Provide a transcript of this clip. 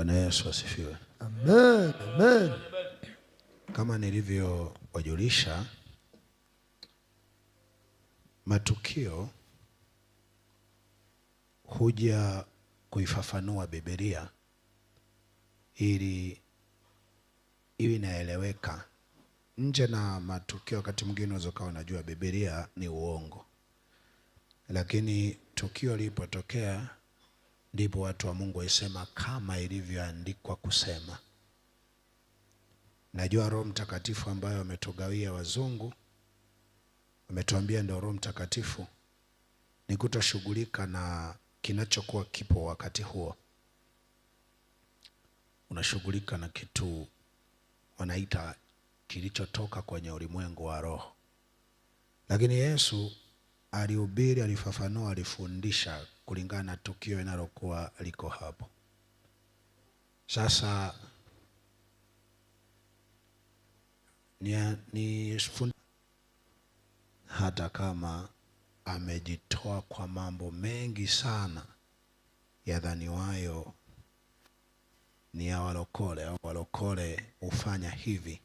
Bwana Yesu asifiwe. Amen, amen. Kama nilivyowajulisha matukio huja kuifafanua Biblia ili iwe inaeleweka nje na matukio. Wakati mwingine unaweza ukawa unajua Biblia ni uongo, lakini tukio lilipotokea ndipo watu wa Mungu waisema kama ilivyoandikwa kusema. Najua Roho Mtakatifu ambayo wametugawia wazungu, wametuambia ndio Roho Mtakatifu, ni kutoshughulika na kinachokuwa kipo wakati huo. Unashughulika na kitu wanaita kilichotoka kwenye ulimwengu wa roho, lakini Yesu alihubiri, alifafanua, alifundisha kulingana na tukio linalokuwa liko hapo. Sasa ni, ni hata kama amejitoa kwa mambo mengi sana yadhaniwayo ni ya walokole au walokole hufanya hivi